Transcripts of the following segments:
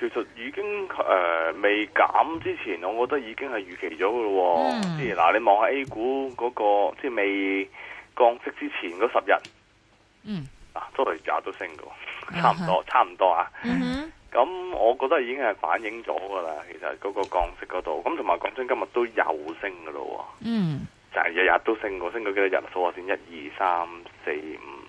其實已經誒、呃、未減之前，我覺得已經係預期咗嘅咯。即係嗱，你望下 A 股嗰個，即係未降息之前嗰十日，嗯、mm. 啊，啊都嚟日都升嘅，差唔多，uh -huh. 差唔多啊。咁、mm -hmm. 啊、我覺得已經係反映咗噶啦。其實嗰個降息嗰度，咁同埋講真今日都有升嘅咯、哦。嗯、mm.，就係日日都升嘅，升咗幾多日？數下先，一二三四五。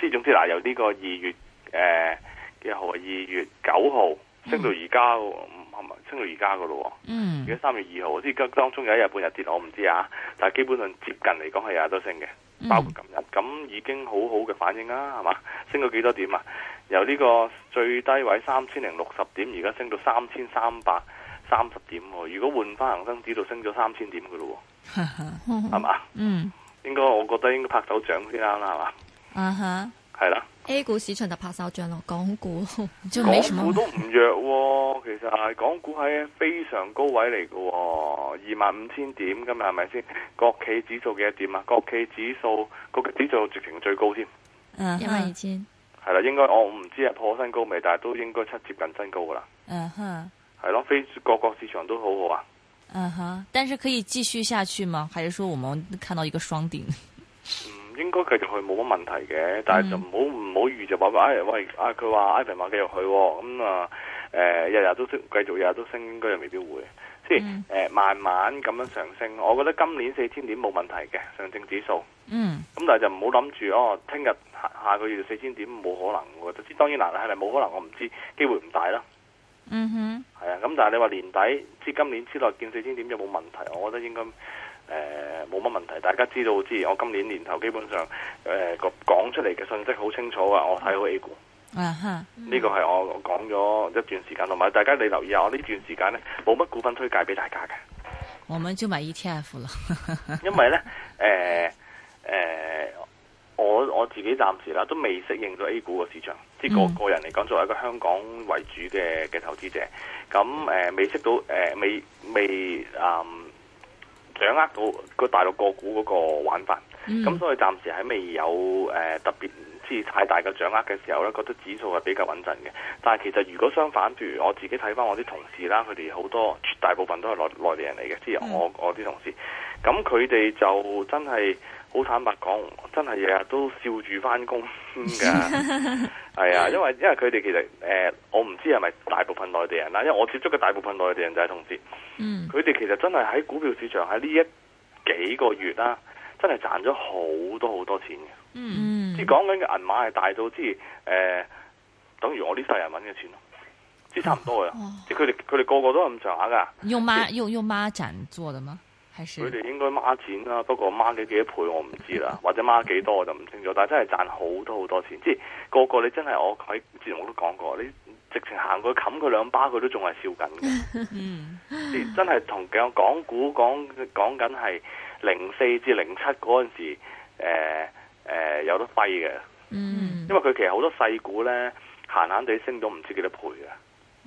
即係總之嗱、啊，由呢個二月誒幾號啊，二月九號。升到而家，唔係咪？升到而家噶咯。嗯、mm.。而家三月二號，即係當中有一日半日跌，我唔知啊。但係基本上接近嚟講係日日都升嘅，mm. 包括今日。咁已經很好好嘅反應啦，係嘛？升到幾多少點啊？由呢個最低位三千零六十點，而家升到三千三百三十點。如果換翻恒生指數，升咗三千點噶咯。哈 哈，係、mm. 嘛？嗯。應該我覺得應該拍手掌先啱啦，係嘛？嗯、uh、哼 -huh.。係啦。A 股市場就拍手掌咯，港股，就沒什麼港股都唔弱，哦，其實啊，港股喺非常高位嚟嘅，哦，二萬五千點噶嘛，係咪先？國企指數幾多點啊？國企指數國企指數直情最高添，嗯，一萬二千，係啦，應該我唔知破新高未，但係都應該七接近新高噶啦。嗯哼，係咯，各個市場都好好啊。嗯哼，但是可以繼續下去嗎？還是說我們看到一個雙頂？ 應該繼續去冇乜問題嘅、嗯，但係就唔好唔好預就話話、哎，喂，啊佢話 Ivan 話繼續去、哦，咁啊，誒日日都升，繼續日日都升，應該又未必會，即係誒慢慢咁樣上升。我覺得今年四千點冇問題嘅上證指數，嗯，咁但係就唔好諗住哦，聽日下下個月四千點冇可能我覺得，即當然難係咪冇可能，我唔知機會唔大啦。嗯哼，係啊，咁但係你話年底之今年之內見四千點有冇問題？我覺得應該誒。呃冇乜問題，大家知道之，我今年年頭基本上誒個講出嚟嘅信息好清楚啊。我睇好 A 股。呢、啊嗯呢個係我講咗一段時間，同埋大家你留意下，我呢段時間呢，冇乜股份推介俾大家嘅。我們就買 ETF 啦。 因為呢，誒、呃、誒、呃，我我自己暫時啦都未適應到 A 股個市場，即係個、嗯、個人嚟講，作為一個香港為主嘅嘅投資者，咁誒、呃、未識到誒、呃、未未嗯。掌握到個大陸個股嗰個玩法，咁、嗯、所以暫時喺未有誒特別即係太大嘅掌握嘅時候咧，覺得指數係比較穩陣嘅。但係其實如果相反，譬如我自己睇翻我啲同事啦，佢哋好多大部分都係內內地人嚟嘅，即係我我啲同事，咁佢哋就真係。好坦白講，真係日日都笑住翻工㗎，係 啊，因為因為佢哋其實、呃、我唔知係咪大部分內地人啦，因為我接觸嘅大部分內地人就係同事，嗯，佢哋其實真係喺股票市場喺呢一幾個月啦、啊，真係賺咗好多好多錢嘅，嗯，即係講緊嘅銀碼係大到即係、呃、等於我呢世人揾嘅錢咯，即係差唔多嘅，即佢哋佢哋個個都咁上下㗎。用孖展用用孖展做嘅嘛？佢哋應該孖展啦，不過孖幾幾多倍我唔知啦，或者孖幾多我就唔清楚。但係真係賺好多好多錢，即係個個你真係我喺節目都講過，你直情行過冚佢兩巴佢都仲係笑緊嘅。嗯， 真係同嘅講股講講緊係零四至零七嗰陣時，誒、呃呃、有得揮嘅。嗯 因為佢其實好多細股咧，閒閒地升到唔知幾多倍嘅。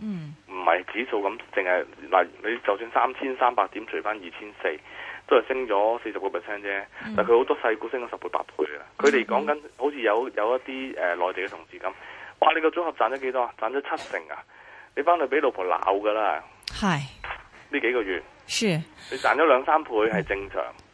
嗯，唔係指數咁，淨係嗱，你就算三千三百點除翻二千四，都係升咗四十個 percent 啫。但係佢好多細股升咗十倍八倍嘅啦。佢哋講緊好似有有一啲誒、呃、內地嘅同事咁，哇！你個組合賺咗幾多？賺咗七成啊！你翻去俾老婆鬧㗎啦。係，呢幾個月，是，你賺咗兩三倍係正常。嗯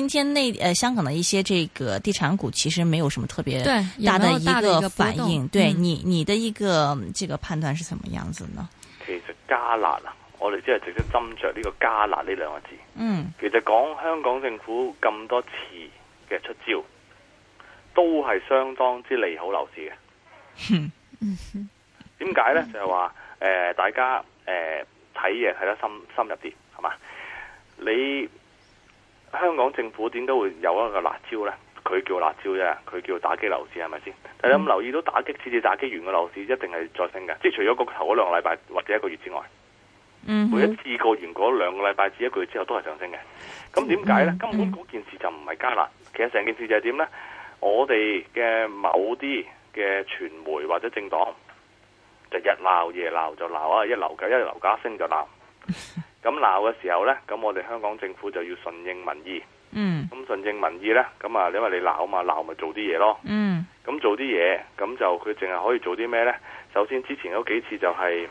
今天內，誒、呃，香港的一些這個地產股其實沒有什麼特別大的一個反應。對，有有對你，你的一個這個判斷是什麼樣子呢？其實加辣啊，我哋即係直接斟酌呢個加辣呢兩個字。嗯，其實講香港政府咁多次嘅出招，都係相當之利好樓市嘅。嗯嗯，點解呢？就係、是、話，誒、呃，大家誒睇嘢睇得深深入啲，係嘛？你。香港政府點解會有一個辣椒呢？佢叫辣椒啫，佢叫打擊樓市係咪先？大家咁留意到打擊，次次打擊完個樓市一定係再升嘅，即係除咗個頭嗰兩個禮拜或者一個月之外，嗯、每一次過完嗰兩個禮拜至一個月之後都係上升嘅。咁點解呢、嗯嗯？根本嗰件事就唔係加辣，其實成件事就係點呢？我哋嘅某啲嘅傳媒或者政黨就日鬧夜鬧就鬧啊，一樓價一樓價升就鬧。嗯。咁鬧嘅時候呢，咁我哋香港政府就要順應民意。嗯。咁順應民意呢，咁啊，因為你鬧嘛，鬧咪做啲嘢咯。嗯。咁做啲嘢，咁就佢淨係可以做啲咩呢？首先之前嗰幾次就係、是，誒、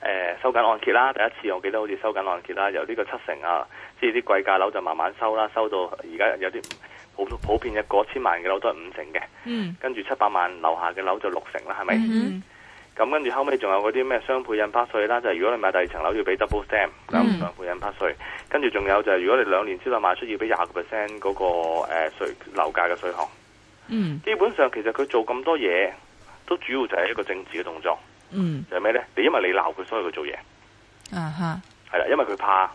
呃，收緊按揭啦。第一次我記得好似收緊按揭啦，由呢個七成啊，即係啲貴價樓就慢慢收啦，收到而家有啲普普遍嘅過千萬嘅樓都係五成嘅。嗯。跟住七百萬樓下嘅樓就六成啦，係咪？嗯。咁跟住後尾仲有嗰啲咩雙倍印花稅啦，就係如果你買第二層樓要俾 double stamp，咁雙倍印花稅。跟住仲有就係如果你兩年之內賣出要俾廿個 percent 嗰個稅樓價嘅稅項。嗯、mm.，基本上其實佢做咁多嘢，都主要就係一個政治嘅動作。嗯、mm.，就係咩呢？你因為你鬧佢，所以佢做嘢。啊係啦，因為佢怕誒喺、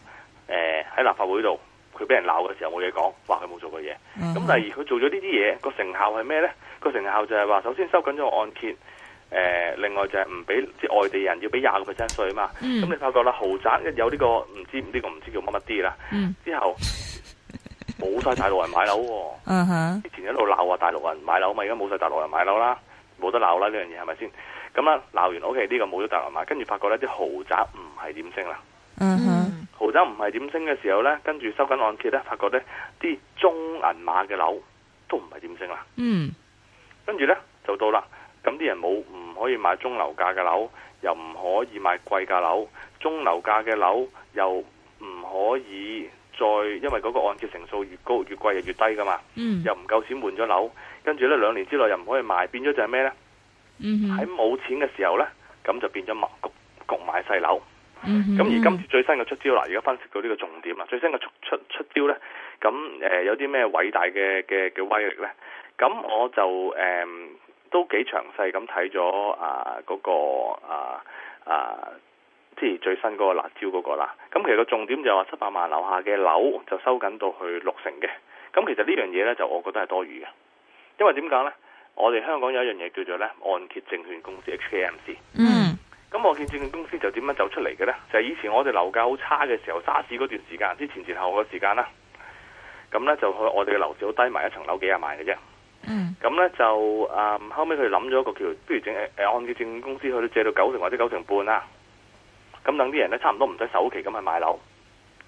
呃、立法會度，佢俾人鬧嘅時候冇嘢講，話佢冇做過嘢。咁第二，佢做咗呢啲嘢，個成效係咩呢？個成效就係話，首先收緊咗按揭。誒，另外就係唔俾即外地人要俾廿個 percent 稅啊嘛，咁、嗯、你發覺啦，豪宅一有呢、呢個唔知呢個唔知叫乜乜啲啦，之後冇晒大陸人買樓，哦，之、嗯、前喺度鬧話大陸人買樓嘛，而家冇晒大陸人買樓啦，冇得鬧啦呢樣嘢係咪先？咁啊鬧完，O K，呢個冇咗大陸買，跟住發覺呢啲豪宅唔係點升啦，豪宅唔係點升嘅時候咧，跟住收緊按揭咧，發覺咧啲中銀碼嘅樓都唔係點升啦，跟住咧就到啦。咁啲人冇唔可以買中樓價嘅樓，又唔可以買貴價樓，中樓價嘅樓又唔可以再，因為嗰個按揭成數越高越貴，就越低噶嘛。嗯。又唔夠錢換咗樓，跟住呢兩年之內又唔可以買，變咗就係咩呢？喺、嗯、冇錢嘅時候呢，咁就變咗盲局，局買細樓。咁、嗯、而今次最新嘅出招啦，而家分析到呢個重點啦，最新嘅出出出招呢，咁誒、呃、有啲咩偉大嘅嘅嘅威力呢？咁我就誒。呃都幾詳細咁睇咗啊嗰、那個啊啊即係最新嗰個辣椒嗰個啦。咁其實個重點就係話七百萬樓下嘅樓就收緊到去六成嘅。咁其實呢樣嘢呢，就我覺得係多餘嘅，因為點講呢？我哋香港有一樣嘢叫做呢，按揭證券公司 HKMC。嗯。咁按揭證券公司就點樣走出嚟嘅呢？就係、是、以前我哋樓價好差嘅時候，沙士嗰段時間，即前前後後嘅時間啦。咁呢，就去我我哋嘅樓市好低埋一層樓幾廿萬嘅啫。嗯，咁咧就誒、嗯，後尾佢諗咗一個橋，不如整誒按揭證券公司去到借到九成或者九成半啦，啊，咁等啲人咧差唔多唔使首期咁去買樓。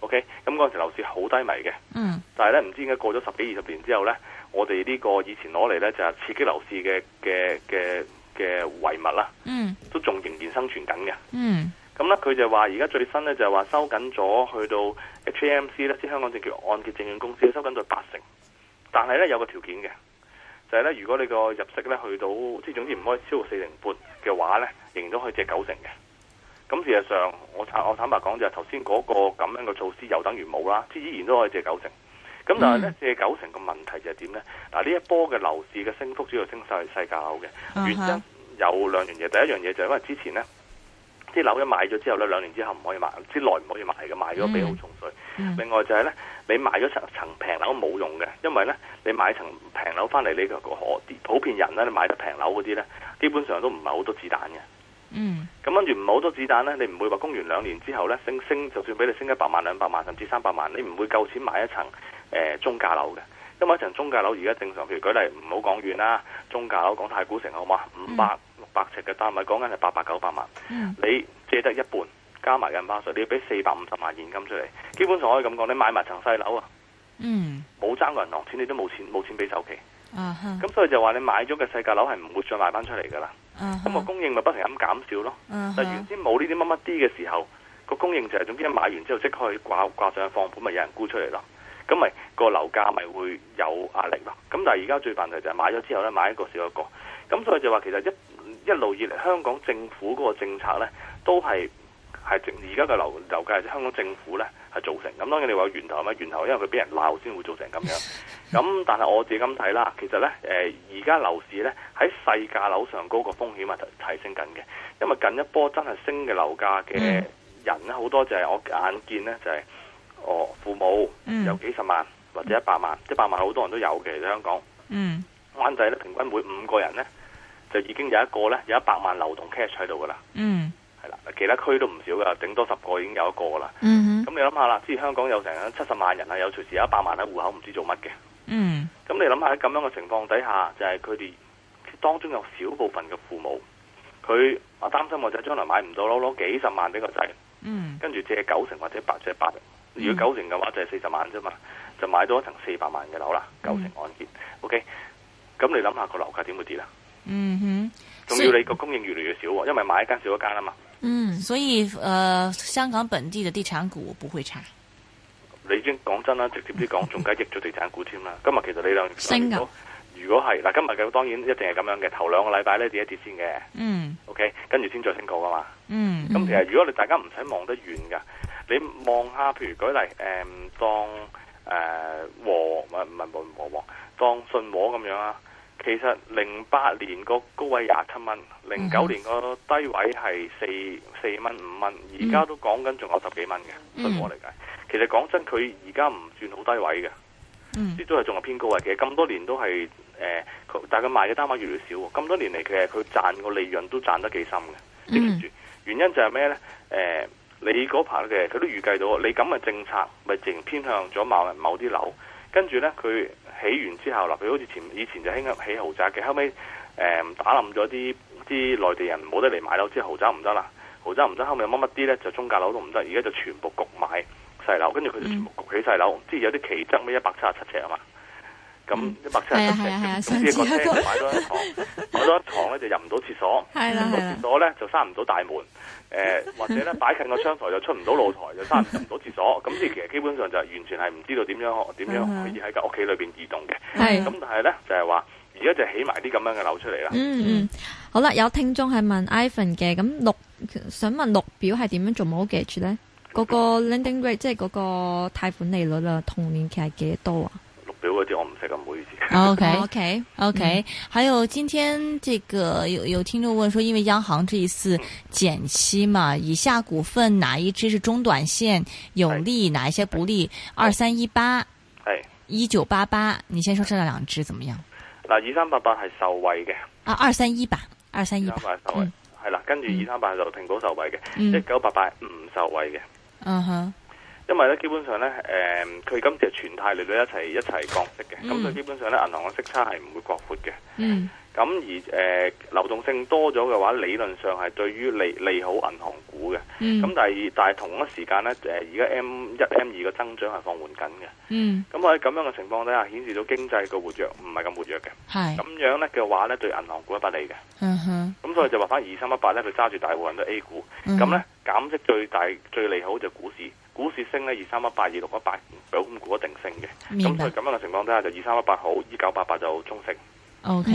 OK，咁嗰陣時樓市好低迷嘅，嗯，嗯但係咧唔知點解過咗十幾二十年之後咧，我哋呢個以前攞嚟咧就係、是、刺激樓市嘅嘅嘅嘅遺物啦，嗯，都仲仍然生存緊嘅，嗯，咁咧佢就話而家最新咧就係、是、話收緊咗去到 HKMC 咧，即香港證券按揭證券公司收緊到八成，但係咧有個條件嘅。就係咧，如果你個入息咧去到，即係總之唔可以超過四成半嘅話咧，仍然都可以借九成嘅。咁事實上，我坦我坦白講就係頭先嗰個咁樣嘅措施，又等於冇啦，即依然都可以借九成。咁但係咧，嗯、借九成嘅問題就係點咧？嗱，呢一波嘅樓市嘅升幅主要升在西九嘅、嗯、原因有兩樣嘢，第一樣嘢就係因為之前咧。啲樓一買咗之後呢，兩年之後唔可以賣，之內唔可以賣嘅，賣咗俾好重稅、嗯嗯？另外就係呢，你買咗層平樓冇用嘅，因為呢，你買層平樓翻嚟，你個可普遍人呢，你買得平樓嗰啲呢，基本上都唔係好多子彈嘅。咁跟住唔係好多子彈呢，你唔會話供完兩年之後呢，升升，就算俾你升一百萬兩百萬甚至三百萬，你唔會夠錢買一層誒、呃、中價樓嘅。因為一層中價樓而家正常，譬如舉例，唔好講遠啦，中價樓講太古城好嘛，五百、嗯。百尺嘅，單位唔係講緊係八百九百萬，你借得一半，加埋印花稅，你要俾四百五十萬現金出嚟，基本上可以咁講，你買埋層細樓啊，嗯，冇爭銀行錢，你都冇錢，冇錢俾首期，啊咁所以就話你買咗嘅細價樓係唔會再賣翻出嚟噶啦，咁、啊、個供應咪不停咁減少咯，啊、但是原先冇呢啲乜乜啲嘅時候，個供應就係，總之一買完之後即刻去掛掛上放盤，咪有人沽出嚟咯，咁咪、個樓價咪會有壓力咯，咁但係而家最問題就係買咗之後咧，買一個少一個。咁所以就話其實一一路以嚟香港政府嗰個政策呢，都係係而家嘅樓樓價香港政府呢係造成。咁當然你話源頭係咪源頭？源頭因為佢俾人鬧先會做成咁樣。咁但係我自己咁睇啦，其實呢，誒而家樓市呢，喺細價樓上嗰個風險係提升緊嘅，因為近一波真係升嘅樓價嘅人呢，好、mm. 多，就係我眼見呢，就係、是、哦父母有幾十萬、mm. 或者一百萬，一百萬好多人都有嘅喺香港。嗯，灣仔呢，平均每五個人呢。就已經有一個咧，有一百萬的流動 cash 喺度噶啦。嗯，係啦，其他區都唔少噶，頂多十個已經有一個噶啦。嗯哼。咁你諗下啦，即係香港有成七十萬人啊，有隨時有一百萬喺戶口，唔知做乜嘅。嗯。咁你諗下喺咁樣嘅情況底下，就係佢哋當中有小部分嘅父母，佢啊擔心我仔將來買唔到樓，攞幾十萬俾個仔。嗯。跟住借九成或者八借八，如果九成嘅話就係四十萬啫嘛，就買多一層四百萬嘅樓啦，嗯。九成按揭。OK。咁你諗下個樓價點會跌啦？嗯哼，仲要你個供應越嚟越少，因為買一間少一間啦嘛。嗯，所以誒、呃，香港本地嘅地產股不會差。你已經講真啦，直接啲講，仲加益咗地產股添啦。 今日其實你兩升啊，如果係嗱、啊，今日嘅當然一定係咁樣嘅。頭兩個禮拜咧跌一跌先嘅，嗯，OK，跟住先再升高噶嘛。嗯，咁、嗯、其實如果你大家唔使望得遠噶，你望下，譬如舉例，誒、嗯，當誒、啊、和唔係唔係和和和當信和咁樣啊。其實零八年個高位廿七蚊，零九年個低位係四四蚊五蚊，而家都講緊仲有十幾蚊嘅，對我嚟講，其實講真佢而家唔算好低位嘅，呢都係仲係偏高位嘅。其實咁多年都係誒、呃，但係佢賣嘅單位越嚟越少，咁多年嚟其實佢賺個利潤都賺得幾深嘅。你記住原因就係咩呢？誒、呃，你嗰排嘅佢都預計到，你咁嘅政策咪淨偏向咗某某啲樓，跟住呢，佢。起完之後啦，佢好似前以前就興起豪宅嘅。後尾誒、呃、打冧咗啲啲內地人冇得嚟買樓，之後豪宅唔得啦，豪宅唔得，後尾乜乜啲呢？就中價樓都唔得，而家就全部焗買細樓，跟住佢就全部焗起細樓，嗯、即係有啲奇則，咩一百七十七尺啊嘛～咁一白天出嚟，總之一個車買多一牀，買 多一牀呢就入唔到廁所，啊啊、入唔到廁所呢就閂唔到大門，誒、啊啊呃、或者呢，擺近個窗台就出唔到露台，啊、就閂唔到廁所，咁、啊、其實基本上就完全係唔知道點樣學點、啊、樣可以喺個屋企裏面移動嘅。係咁、啊，但係呢，就係話而家就起埋啲咁樣嘅樓出嚟啦、啊啊。嗯，嗯，好啦，有聽眾係問 Ivan 嘅，咁六想問六表係點樣做 mortgage 呢？嗰個 lending rate 即係嗰個貸款利率啊，同年期係幾多啊？ OK OK OK，嗯，還有今天這個有有聽眾問說，因為央行這一次減息嘛，以下股份哪一支是中短綫有利，哪一些不利？二三一八，哎，一九八八，你先說這兩支怎麼樣？嗱，二三八八係受惠嘅，啊，二三一八，二三一八，嗯，係啦，跟住二三八就停股受惠嘅，一九八八唔受惠嘅，嗯哼。因為咧，基本上咧，誒、嗯，佢今次係全太利率一齊一齊降息嘅，咁、嗯、所以基本上咧，銀行嘅息差係唔會擴闊嘅。嗯。咁而誒、呃、流動性多咗嘅話，理論上係對於利利好銀行股嘅。咁、嗯、但係但係同一時間咧，誒、而家 M 一 M 二嘅增長係放緩緊嘅。嗯。咁喺咁樣嘅情況底下，顯示到經濟嘅活躍唔係咁活躍嘅。咁樣咧嘅話咧，對銀行股不利嘅。咁、嗯、所以就話返二三一八咧，佢揸住大部分都 A 股，咁、嗯、咧減息最大最利好就股市。股市升咧，二三一八、二六一八，九五股一定升嘅。明白。咁佢咁樣嘅情況之下，就二三一八好，二九八八就中性。OK，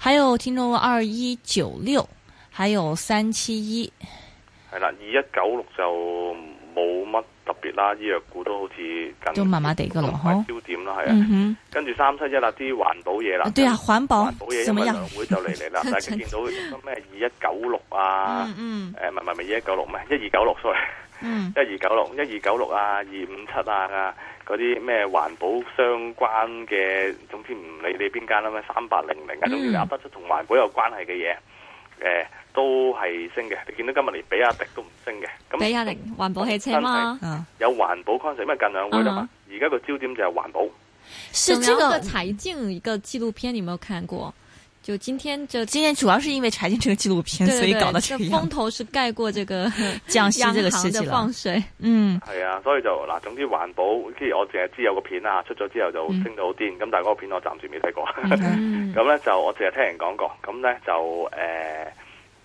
還有天龍二一九六，還有三七一。係啦，二一九六就冇乜。特別啦，醫藥股都好似都麻麻地噶咯，唔係焦點啦，係啊。跟住三七一啦，啲、哦、環、嗯、保嘢啦，對環環來來啊，環、嗯、保。環保嘢，上兩會就嚟嚟啦。但係佢見到啲咩二一九六啊，誒，唔係唔係二一九六咩？一二九六出嚟，一二九六，一二九六啊，二五七啊，嗰啲咩環保相關嘅，總之唔理你邊間啦，咩三八零零，啊，總之搵得出同環保有關係嘅嘢，誒、欸。都係升嘅，你見到今日連比亞迪都唔升嘅。咁、嗯、比亞迪環保汽車嘛，有環保 concept，因為近兩會啦嘛，而家個焦點就係環保。是這個柴靜一個紀錄片，你有冇看過？就今天就今天主要是因為柴靜這個紀錄片對對對，所以搞到這風頭是蓋過這個降息這個事情放水。嗯，係啊、嗯，所以就嗱，總之環保，即係我淨係知有個片啊，出咗之後就升到好癲。咁、嗯、但係嗰個片我暫時未睇過。咁、嗯、咧 就我淨係聽人講過。咁咧就誒。呃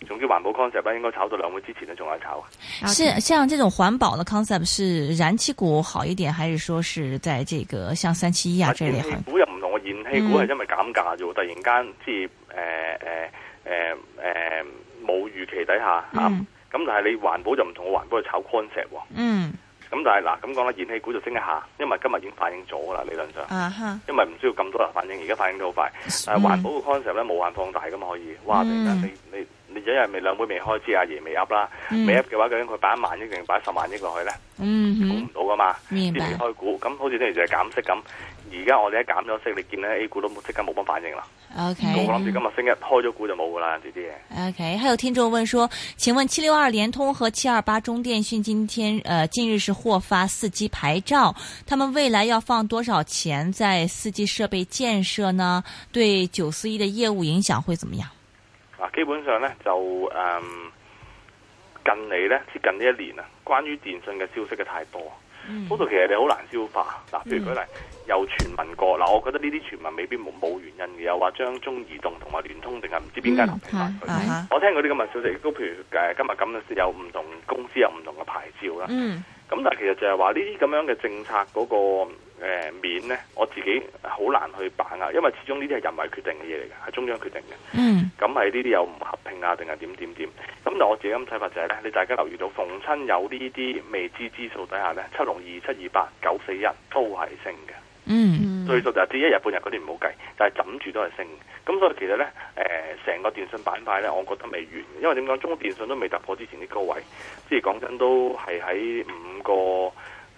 總之環保 concept 應該炒到兩會之前咧，仲有得炒。啊、是像這種環保的 concept，是燃氣股好一點，還是說是在這個像三七一啊這裏？燃氣股又唔同的，嘅燃氣股係因為減價啫，突然間即係誒誒誒誒冇預期底下咁、嗯嗯、但係你環保就唔同，個環保去炒 concept。嗯。咁、嗯、但係嗱，咁講咧，燃氣股就升一下，因為今日已經反映咗啦，理論上、啊。因為唔需要咁多人反,反映，而家反映都好快。嗯、但係環保嘅 concept 咧，無限放大噶嘛，可以。哇、嗯！突然間你你～你因為未兩會未開支啊，夜未鴨啦，未鴨嘅話究竟佢擺一萬億定擺十萬億落去咧？嗯，估唔、嗯、到噶嘛，未開股，咁好似之前就係減息咁。而家我哋一減咗息，你見咧 A 股都即刻冇乜反應啦。O、okay, K。我諗住今日升一、嗯、開咗股就冇噶啦，呢啲嘢。O、okay, K，還有聽眾問說：請問七六二聯通和七二八中電訊今天，呃近日是獲發四 G 牌照，他們未來要放多少錢在四 G 設備建設呢？對九四一的業務影響會點樣？嗱，基本上咧就誒、嗯、近嚟咧，接近呢一年啊，關於電信嘅消息嘅太多，嗰、嗯、度其實你好難消化。嗱，譬如舉例、嗯，有傳聞過嗱，我覺得呢啲傳聞未必冇冇原因嘅，又話將中移動同埋聯通定係唔知邊間同佢。我聽嗰啲咁嘅消息都，譬如誒今日咁嘅時候有唔同公司有唔同嘅牌照啦。咁、嗯、但係其實就係話呢啲咁樣嘅政策嗰、嗰個。誒、呃、面咧，我自己好難去把握，因為始終呢啲係人為決定嘅嘢嚟嘅，係中央決定嘅。嗯，咁係呢啲有唔合併啊，定係點點點？咁但我自己咁睇法就係、是、咧，你大家留意到逢親有呢啲未知之數底下咧，七龍二、七二八、九四一都係升嘅。嗯，最少就係跌一日半日嗰啲唔好計，但係枕住都係升。咁所以其實咧，成、呃、個電信板塊咧，我覺得未完，因為點講？中國電信都未突破之前啲高位，即係講真都係喺五個。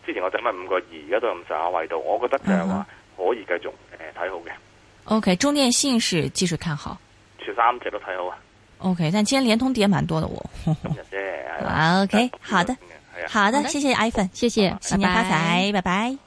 之前我整埋五個二，而家都咁十下位度，我覺得就係話可以繼續誒睇、呃、好嘅。O K，中電信是技術看好，前三隻都睇好啊。O、okay, K，但今天聯通跌蠻多嘅喎。今日啫。O、okay, 嗯、K，、okay, 嗯好,好,嗯、好,好的，好的，謝謝 Ivan，謝謝新年發財，拜拜。謝謝拜拜拜拜拜拜